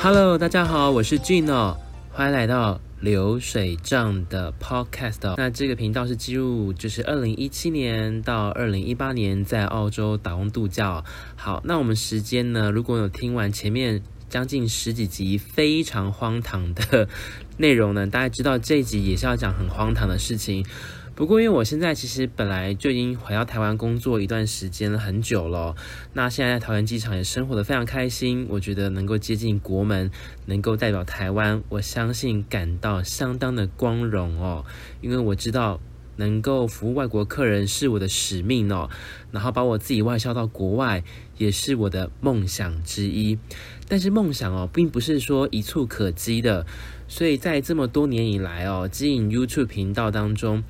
Hello，大家好，我是 Gino，歡迎來到流水賬的 Podcast。那這個頻道是記錄，就是二零一七年到二零一八年在澳洲打工度假。好，那我們時間呢？如果有聽完前面將近十幾集非常荒唐的內容呢，大家知道這一集也是要講很荒唐的事情。不過，因為我現在其實本來就已經回到台灣工作一段時間了很久了，哦，那現在在桃園機場也生活得非常開心。我覺得能夠接近國門，能夠代表台灣，我相信感到相當的光榮哦。因為我知道能夠服務外國客人是我的使命哦，然後把我自己外銷到國外也是我的夢想之一。但是夢想哦，並不是說一蹴可幾的，所以在這麼多年以來哦，經營 YouTube 頻道當中。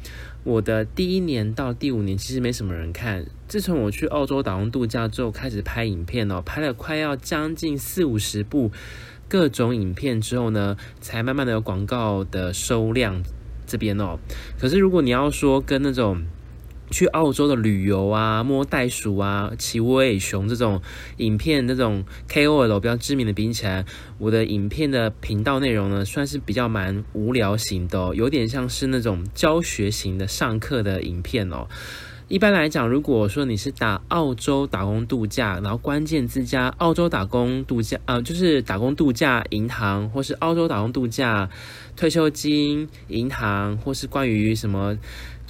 我的第一年到第五年其實沒什麼人看，自從我去澳洲打工度假之後開始拍影片哦，拍了快要將近四五十部各種影片之後呢，才慢慢的有廣告的收量這邊哦。可是如果你要說跟那種，去澳洲的旅遊啊，摸袋鼠啊，騎威熊這種影片，那種 KOL、哦、比較知名的比起來，我的影片的頻道內容呢，算是比較蠻無聊型的，哦，有點像是那種教學型的上課的影片哦。一般來講，如果說你是打澳洲打工度假，然後關鍵字加澳洲打工度假，啊、呃，就是打工度假銀行，或是澳洲打工度假退休金銀行，或是關於什麼。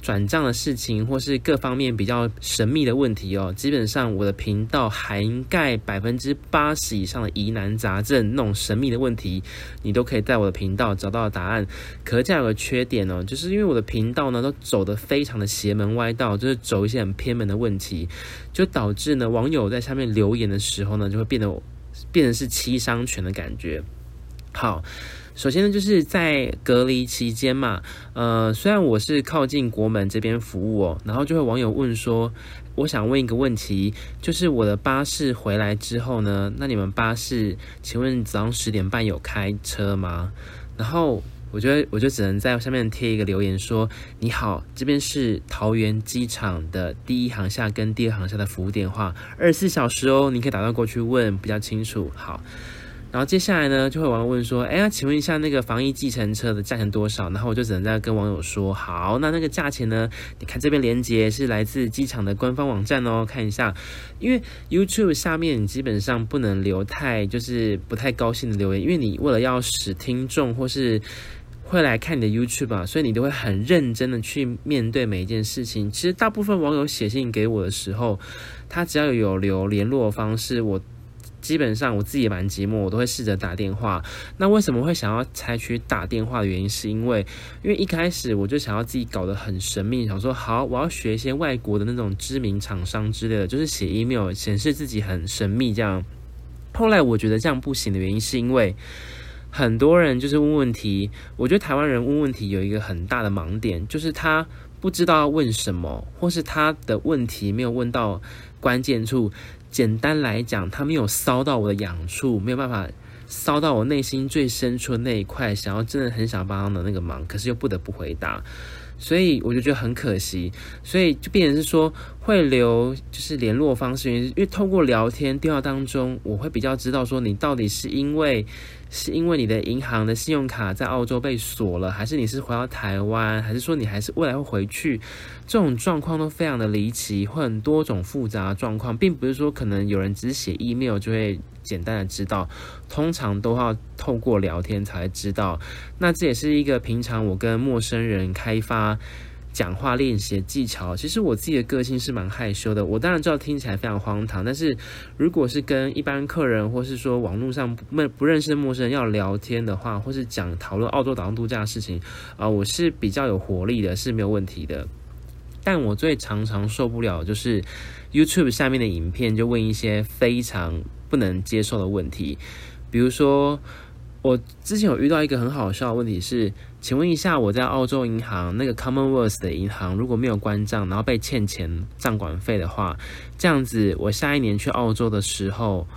轉賬的事情，或是各方面比較神秘的問題哦，基本上我的頻道涵蓋百分之八十以上的疑難雜症，那種神秘的問題，你都可以在我的頻道找到答案。可這樣有個缺點哦，就是因為我的頻道呢都走得非常的邪門歪道，就是走一些很偏門的問題，就導致呢網友在下面留言的時候呢，就會變得變得是七傷拳的感覺。好。首先呢，就是在隔離期間嘛，呃，雖然我是靠近國門這邊服務哦，然後就會網友問說，我想問一個問題，就是我的巴士回來之後呢，那你們巴士，請問早上十點半有開車嗎？然後我覺得我就只能在下面貼一個留言說，你好，這邊是桃園機場的第一航廈、跟第二航廈的服務電話，二十四小時哦，你可以打到過去問比較清楚。好。然後接下來呢，就會有網友問說，哎呀，請問一下那個防疫計程車的價錢多少？然後我就只能在跟網友說，好，那那個價錢呢？你看這邊鏈接是來自機場的官方網站哦，看一下。因為 YouTube 下面你基本上不能留太，就是不太高興的留言，因為你為了要使聽眾或是會來看你的 YouTube 啊，所以你都會很認真的去面對每一件事情。其實大部分網友寫信給我的時候，他只要有留聯絡方式，我。基本上我自己也蠻寂寞，我都會試着打電話。那為什麼會想要採取打電話的原因，是因為，因為一開始我就想要自己搞得很神秘，想說好，我要學一些外國的那種知名廠商之類的，就是寫 email 顯示自己很神秘這樣。後來我覺得這樣不行的原因，是因為很多人就是問問題，我覺得台灣人問問題有一個很大的盲點，就是他不知道要問什麼，或是他的問題沒有問到關鍵處。簡單來講，他沒有騷到我的癢處，沒有辦法騷到我內心最深處的那一塊，想要真的很想幫的那個忙，可是又不得不回答。所以我就覺得很可惜，所以就變成是說，會留就是聯絡方式，因為通過聊天電話當中，我會比較知道說你到底是因為是因為你的銀行的信用卡在澳洲被鎖了，還是你是回到台灣，還是說你還是未來會回去，這種狀況都非常的離奇，會很多種複雜的狀況，並不是說可能有人只寫 email 就會。簡單的知道，通常都要透過聊天才知道。那這也是一個平常我跟陌生人開發講話練習的技巧。其實我自己的個性是蠻害羞的，我當然知道聽起來非常荒唐，但是如果是跟一般客人，或是說網絡上不不認識的陌生人要聊天的話，或是講討論澳洲島上度假的事情啊、呃，我是比較有活力的，是沒有問題的。但我最常常受不了就是 YouTube 下面的影片，就問一些非常。不能接受的問題，比如說，我之前有遇到一個很好笑的問題是，請問一下，我在澳洲銀行那個 Commonwealth 的銀行如果沒有關賬，然後被欠錢賬管費的話，這樣子我下一年去澳洲的時候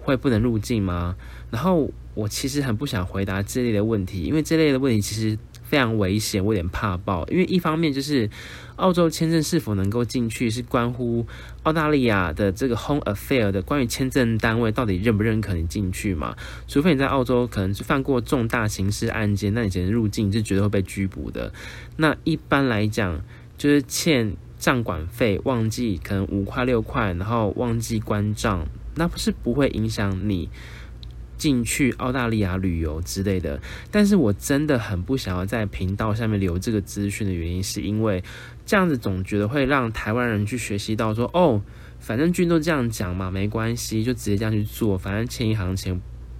會不能入境嗎？然後我其實很不想回答這類的問題，因為這類的問題其實。非常危險，我有點怕爆。因為一方面就是，澳洲簽證是否能夠進去，是關乎澳大利亞的這個 Home Affair 的關於簽證單位到底認不認可你進去嘛？除非你在澳洲可能是犯過重大刑事案件，那你簡直入境是絕對會被拘捕的。那一般來講，就是欠賬管費忘記，可能五塊六塊，然後忘記關賬，那不是不會影響你，進去澳大利亞旅遊之類的，但是我真的很不想要在頻道下面留這個資訊的原因，是因為這樣子總覺得會讓台灣人去學習到說，哦，反正 Gene 都這樣講嘛，沒關係，就直接這樣去做，反正欠銀行錢。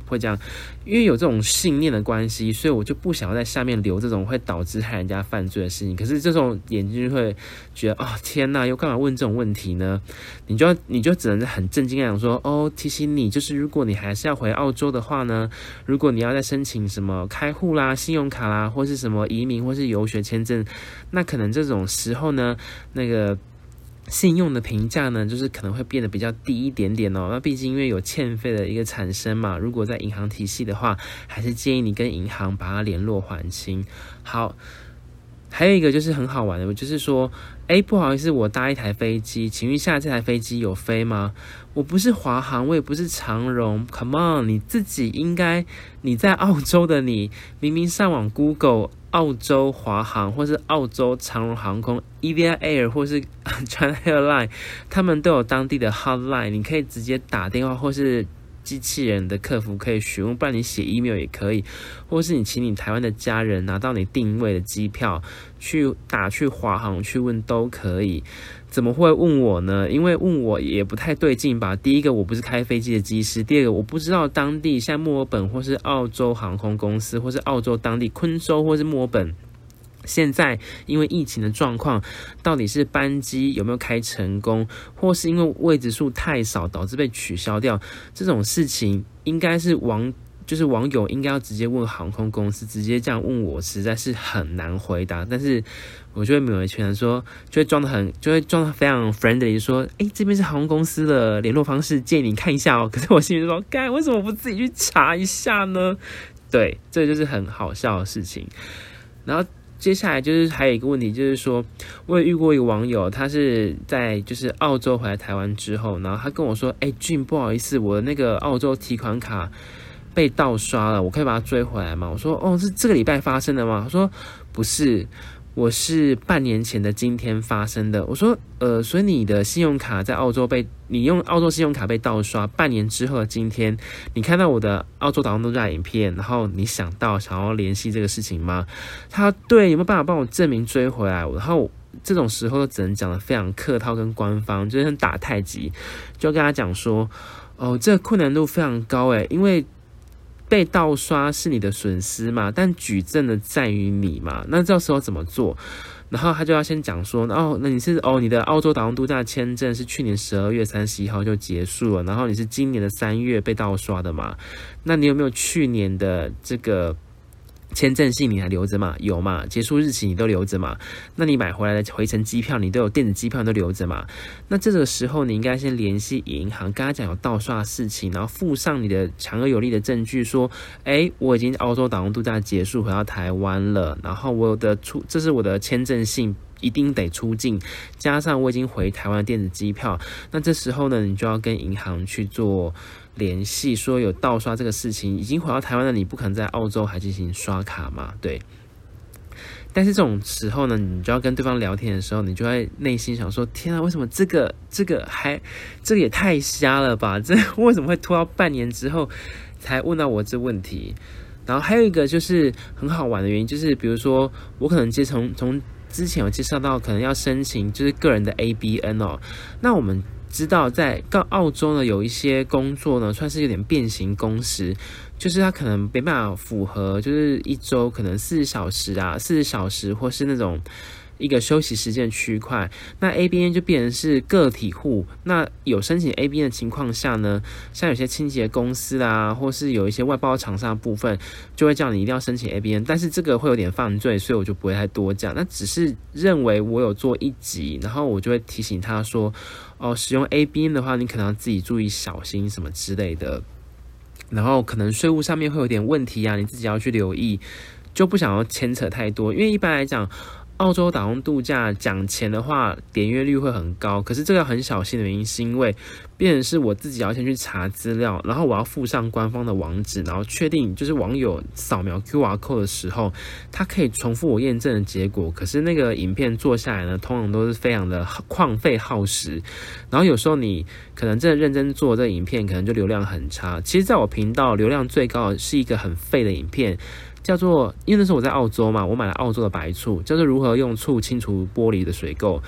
會這樣，因為有這種信念的關係，所以我就不想要在下面留這種會導致害人家犯罪的事情。可是這種眼睛就會覺得，哦，天吶，又幹嘛問這種問題呢？你就要，你就只能很震驚講說，哦，提醒你，就是如果你還是要回澳洲的話呢，如果你要再申請什麼開戶啦、信用卡啦，或是什麼移民或是遊學簽證，那可能這種時候呢，那個。信用的評價呢，就是可能會變得比較低一點點哦。那畢竟因為有欠費的一個產生嘛，如果在銀行體系的話，還是建議你跟銀行把它聯絡還清。好，還有一個就是很好玩的，就是說。誒，不好意思，我搭一台飛機，請問下這台飛機有飛嗎？我不是華航，我也不是長榮。Come on，你自己應該，你在澳洲的你，明明上網 Google 澳洲華航，或是澳洲長榮航空，EVA Air 或是 China Airline，他們都有當地的 hotline，你可以直接打電話或是。機器人的客服可以詢問，不然你寫 email 也可以，或是你請你台灣的家人拿到你定位的機票去打去華航去問都可以。怎麼會問我呢？因為問我也不太對勁吧。第一個我不是開飛機的機師，第二個我不知道當地像墨爾本或是澳洲航空公司或是澳洲當地昆州或是墨爾本。現在因為疫情的狀況，到底是班機有沒有開成功，或是因為位置數太少導致被取消掉這種事情，應該是網就是網友應該要直接問航空公司，直接這樣問我實在是很難回答。但是，我就會勉為其難說，就會裝的很，就會裝的非常 friendly 說，哎，這邊是航空公司的聯絡方式，建議你看一下哦。可是我心裡說，該為什麼不自己去查一下呢？對，這就是很好笑的事情。然後。接下來就是還有一個問題，就是說，我也遇過一個網友，他是在就是澳洲回來台灣之後，然後他跟我說：“哎俊，Gene，不好意思，我的那個澳洲提款卡被盜刷了，我可以把它追回來嗎？”我說：“哦，是這個禮拜發生的嗎？”他說：“不是。”我是半年前的今天發生的。我說，呃，所以你的信用卡在澳洲被你用澳洲信用卡被盜刷，半年之後的今天你看到我的澳洲打工度假影片，然後你想到想要聯繫這個事情嗎？他對，有沒有辦法幫我證明追回來？然後這種時候都只能講的非常客套跟官方，就是很打太極，就跟他講說，哦，這個困難度非常高誒，因為。被盜刷是你的損失嘛？但舉證的在於你嘛？那這時候怎麼做？然後他就要先講說，哦，那你是哦，你的澳洲打工度假簽證是去年十二月三十一號就結束了，然後你是今年的三月被盜刷的嘛？那你有沒有去年的這個？簽證信你還留着嘛？有嘛？結束日期你都留着嘛？那你買回來的回程機票你都有電子機票你都留着嘛？那這個時候你應該先聯繫銀行，跟他講有盜刷事情，然後附上你的強而有力的證據，說：誒，我已經澳洲打工度假結束回到台灣了，然後我的出，這是我的簽證信。一定得出境，加上我已經回台灣電子機票，那這時候呢，你就要跟銀行去做聯繫，說有盜刷這個事情，已經回到台灣了，你不可能在澳洲還進行刷卡嘛？對。但是這種時候呢，你就要跟對方聊天的時候，你就會內心想說：天啊，為什麼這個這個還這個也太瞎了吧？這為什麼會拖到半年之後才問到我這問題？然後還有一個就是很好玩的原因，就是比如說我可能接從從。從之前有介紹到，可能要申請就是個人的 ABN 哦。那我們知道，在澳洲呢，有一些工作呢，算是有點變形工時，就是它可能沒辦法符合，就是一周可能四十小時啊，四十小時或是那種。一個休息時間區塊，那 A B N 就變成是個體戶。那有申請 A B N 的情況下呢，像有些清潔公司啊，或是有一些外包廠商的部分，就會叫你一定要申請 A B N。但是這個會有點犯罪，所以我就不會太多講。那只是認為我有做一集，然後我就會提醒他說：“哦，使用 A B N 的話，你可能要自己注意小心什麼之類的。”然後可能稅務上面會有點問題啊，你自己要去留意，就不想要牽扯太多。因為一般來講，澳洲打工度假講錢的話，點閱率會很高。可是這個很小心的原因，是因為變成是我自己要先去查資料，然後我要附上官方的網址，然後確定就是網友掃描 QR code 的時候，它可以重複我驗證的結果。可是那個影片做下來呢，通常都是非常的曠廢耗時。然後有時候你可能真的認真做這影片，可能就流量很差。其實，在我頻道流量最高的是一個很廢的影片。叫做，因為那時候我在澳洲嘛，我買了澳洲的白醋，就是如何用醋清除玻璃的水垢。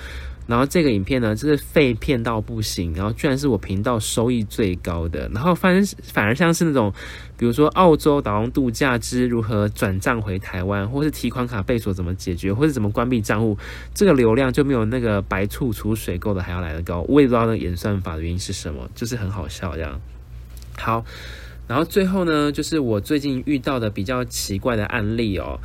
然後這個影片呢，就是廢片到不行，然後居然是我頻道收益最高的。然後反正反而像是那種，比如說澳洲打工度假之如何轉賬回台灣，或是提款卡被鎖怎麼解決，或是怎麼關閉賬戶，這個流量就沒有那個白醋除水垢的還要來得高。我也不知道那個演算法的原因是什麼，就是很好笑這樣。好。然後最後呢，就是我最近遇到的比較奇怪的案例哦。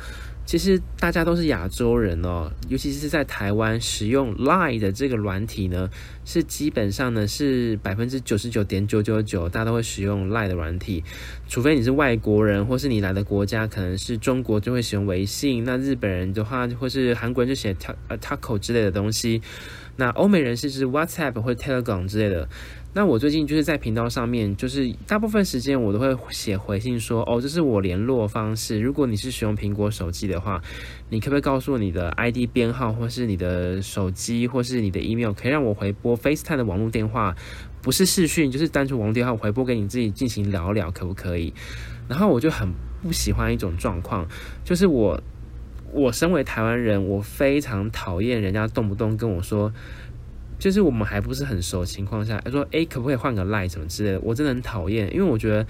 其實大家都是亞洲人哦，尤其是在台灣使用 LINE 的這個軟體呢，是基本上呢是百分之九十九點九九九，大家都會使用 LINE 的軟體，除非你是外國人，或是你來的國家可能是中國就會使用微信。那日本人的話，或是韓國人就寫 Kakao Talk 之類的東西。那歐美人士是 WhatsApp 或 Telegram 之類的。那我最近就是在頻道上面，就是大部分時間我都會寫回信說，哦，這是我聯絡方式。如果你是使用蘋果手機的話，你可不可以告訴我你的 ID 編號，或是你的手機，或是你的 email，可以讓我回撥 FaceTime 的網絡電話，不是視訊，就是單純網絡電話回撥給你自己進行聊聊，可不可以？然後我就很不喜歡一種狀況，就是我。我身為台灣人，我非常討厭人家動不動跟我說，就是我們還不是很熟的情況下，他說誒、欸，可不可以換個 LINE 什麼之類的，我真的很討厭，因為我覺得。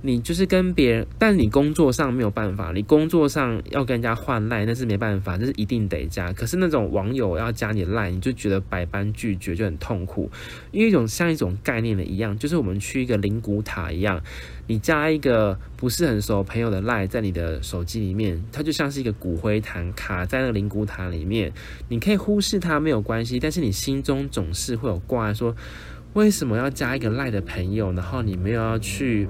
你就是跟別人，但你工作上沒有辦法，你工作上要跟人家換 LINE，那是沒辦法，那是一定得加。可是那種網友要加你的 LINE，你就覺得百般拒絕就很痛苦，因為一種像一種概念的一樣，就是我們去一個靈骨塔一樣，你加一個不是很熟朋友的 LINE 在你的手機裡面，它就像是一個骨灰壇卡在那個靈骨塔裡面，你可以忽視它沒有關係，但是你心中總是會有掛，說。為什麼要加一個 LINE 的朋友？然後你沒有要去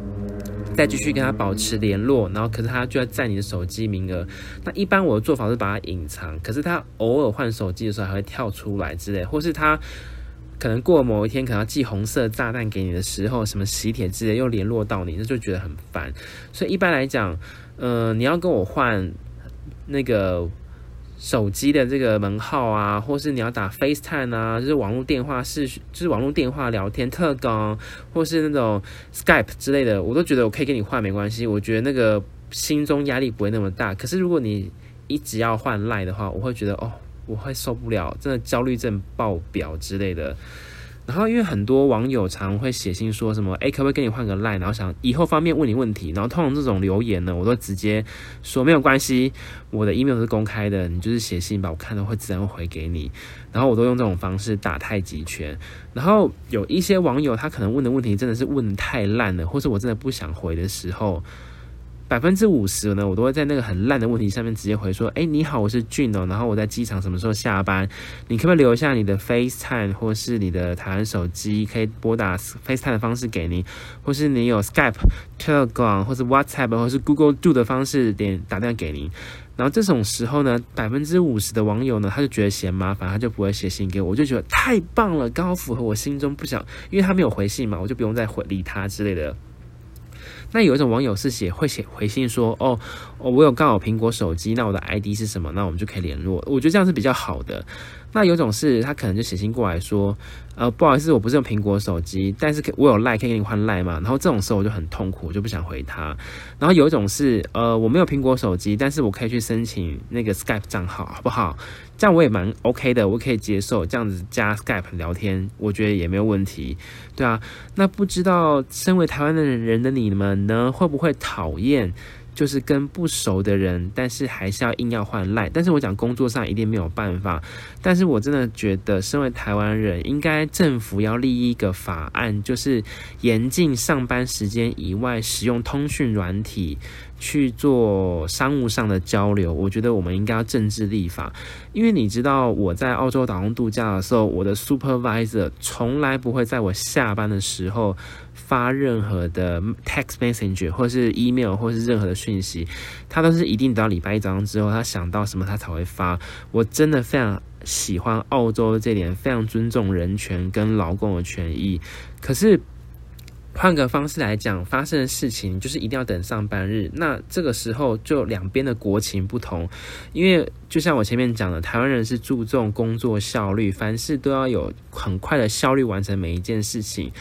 再繼續跟他保持聯絡，然後可是他就要佔你的手機名額。那一般我的做法是把他隱藏，可是他偶爾換手機的時候還會跳出來之類，或是他可能過某一天可能要寄紅色炸彈給你的時候，什麼喜帖之類的又聯絡到你，那就覺得很煩。所以一般來講，呃，你要跟我換那個。手機的這個門號啊，或是你要打 FaceTime 啊，就是網絡電話是就是網絡電話聊天特工，或是那種 Skype 之類的，我都覺得我可以跟你換沒關係。我覺得那個心中壓力不會那麼大。可是如果你一直要換 LINE 的話，我會覺得哦，我會受不了，真的焦慮症爆表之類的。然後因為很多網友常會寫信說什麼，誒，可不可以跟你換個 line？然後想以後方便問你問題。然後通常這種留言呢，我都直接說沒有關係，我的 email 是公開的，你就是寫信吧，我看到會自然會回給你。然後我都用這種方式打太極拳。然後有一些網友他可能問的問題真的是問太爛了，或是我真的不想回的時候。百分之五十呢，我都會在那個很爛的問題上面直接回說，哎，你好，我是俊哦，然後我在機場什麼時候下班？你可不可以留下你的 FaceTime 或是你的台灣手機，可以撥打 FaceTime 的方式給您，或是你有 Skype、Telegram 或是 WhatsApp 或是 Google Duo 的方式點打電話給您。然後這種時候呢，百分之五十的網友呢，他就覺得嫌麻煩，他就不會寫信給我，我就覺得太棒了，剛好符合我心中不想，因為他沒有回信嘛，我就不用再回理他之類的。那有一種網友是寫，會寫回信說，哦，哦，我有剛好蘋果手機，那我的 ID 是什麼？那我們就可以聯絡。我覺得這樣是比較好的。那有種是，他可能就寫信過來說，呃，不好意思，我不是用蘋果手機，但是我有 LINE 可以給你換 LINE 嘛。然後這種時候我就很痛苦，我就不想回他。然後有一種是，呃，我沒有蘋果手機，但是我可以去申請那個 Skype 賬號，好不好？這樣我也蠻 OK 的，我可以接受這樣子加 Skype 聊天，我覺得也沒有問題。對啊，那不知道身為台灣的人的你們呢，會不會討厭？就是跟不熟的人，但是還是要硬要換 LINE。但是我講工作上一定沒有辦法。但是我真的覺得，身為台灣人，應該政府要立一個法案，就是嚴禁上班時間以外使用通訊軟體去做商務上的交流。我覺得我們應該要政治立法，因為你知道我在澳洲打工度假的時候，我的 supervisor 從來不會在我下班的時候。發任何的 text messenger 或是 email 或是任何的訊息，他都是一定等到禮拜一早上之後，他想到什麼他才會發。我真的非常喜歡澳洲這點，非常尊重人權跟勞工的權益。可是換個方式來講，發生的事情就是一定要等上班日。那這個時候就兩邊的國情不同，因為就像我前面講的，台灣人是注重工作效率，凡事都要有很快的效率完成每一件事情。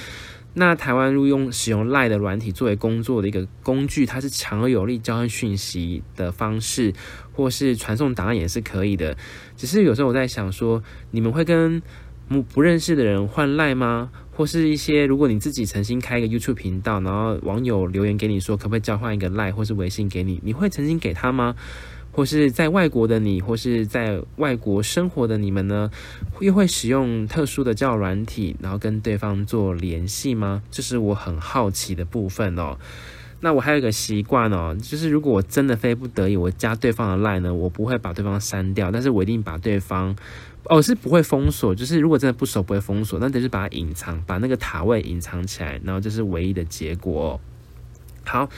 那台灣錄用使用 LINE 的軟體作為工作的一個工具，它是強而有力交換訊息的方式，或是傳送檔案也是可以的。只是有時候我在想說，你們會跟不不認識的人換 LINE 嗎？或是一些如果你自己曾經開一個 YouTube 頻道，然後網友留言給你說，可不可以交換一個 LINE 或是微信給你，你會曾經給他嗎？或是在外國的你，或是在外國生活的你們呢，又會使用特殊的交友軟體，然後跟對方做聯繫嗎？這是我很好奇的部分哦。那我還有一個習慣哦，就是如果我真的非不得已，我加對方的 LINE 呢，我不會把對方刪掉，但是我一定把對方哦，是不會封鎖，就是如果真的不熟不會封鎖，那得是把它隱藏，把那個塔位隱藏起來，然後這是唯一的結果。好，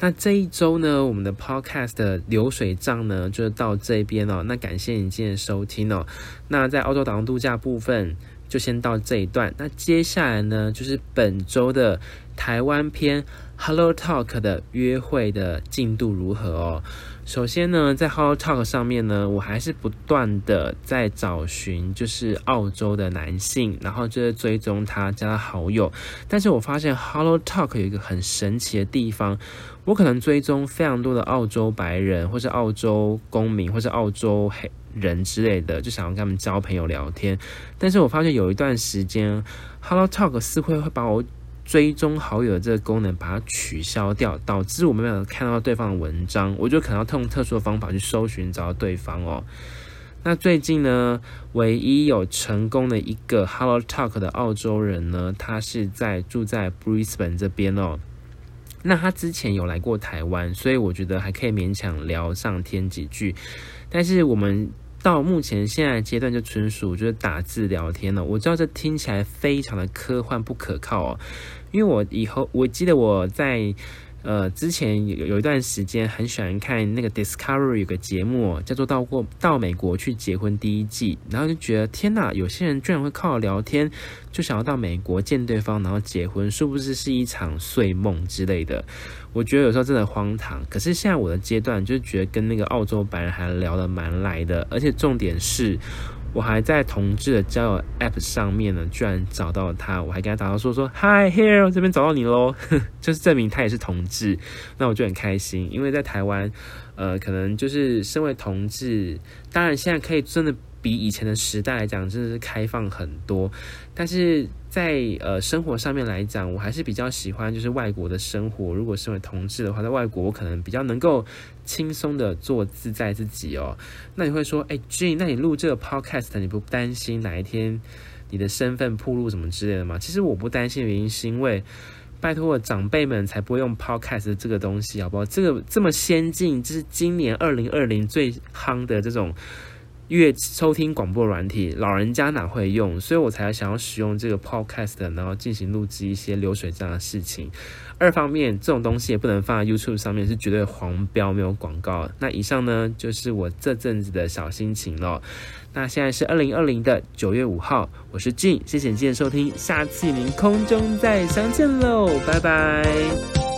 那這一周呢，我們的 Podcast 的流水賬呢，就是、到這邊了，哦。那感謝你今天的收聽哦。那在澳洲打工度假部分，就先到這一段。那接下來呢，就是本周的台灣篇 Hello Talk 的約會的進度如何哦？首先呢，在 Hello Talk 上面呢，我還是不斷的在找尋就是澳洲的男性，然後就是追蹤他，加他好友。但是我發現 Hello Talk 有一個很神奇的地方，我可能追蹤非常多的澳洲白人，或是澳洲公民，或是澳洲黑人之類的，就想要跟他們交朋友聊天。但是我發現有一段時間，Hello Talk 似乎會把我追蹤好友的這個功能，把它取消掉，導致我們沒有看到對方的文章，我就可能要通過特殊的方法去搜尋找到對方哦。那最近呢，唯一有成功的一個 Hello Talk 的澳洲人呢，他是在住在 Brisbane 這邊哦。那他之前有來過台灣，所以我覺得還可以勉強聊上天幾句，但是我們。到目前現在階段就純屬就是打字聊天了。我知道這聽起來非常的科幻不可靠哦，因為我以後我記得我在。呃，之前有有一段時間很喜歡看那個 Discovery 有個節目，哦，叫做《到過到美國去結婚》第一季，然後就覺得天吶，有些人居然會靠聊天就想要到美國見對方，然後結婚，是不是是一場碎夢之類的？我覺得有時候真的荒唐。可是現在我的階段就覺得跟那個澳洲白人還聊得蠻來的，而且重點是。我還在同志的交友 App 上面呢，居然找到了他，我還跟他打招呼說 Hi，here 我這邊找到你嘍， 就是證明他也是同志，那我就很開心，因為在台灣，呃，可能就是身為同志，當然現在可以真的比以前的時代來講，真的是開放很多，但是在呃生活上面來講，我還是比較喜歡就是外國的生活，如果身為同志的話，在外國我可能比較能夠。輕鬆的做自在自己哦，那你會說，誒、欸、Gene 那你錄這個 podcast，你不擔心哪一天你的身份暴露什麼之類的嗎？其實我不擔心，原因是因為拜托，我長輩們才不會用 podcast 這個東西，好不好？這個這麼先進，這、就是今年二零二零最夯的這種。越收聽廣播軟體，老人家哪會用？所以我才想要使用這個 Podcast，然後進行錄製一些流水賬的事情。二方面，這種東西也不能放在 YouTube 上面，是絕對黃標，沒有廣告。那以上呢，就是我這陣子的小心情了。那現在是二零二零的九月五號，我是 Gene，謝謝您收聽，下次您空中再相見嘍，拜拜。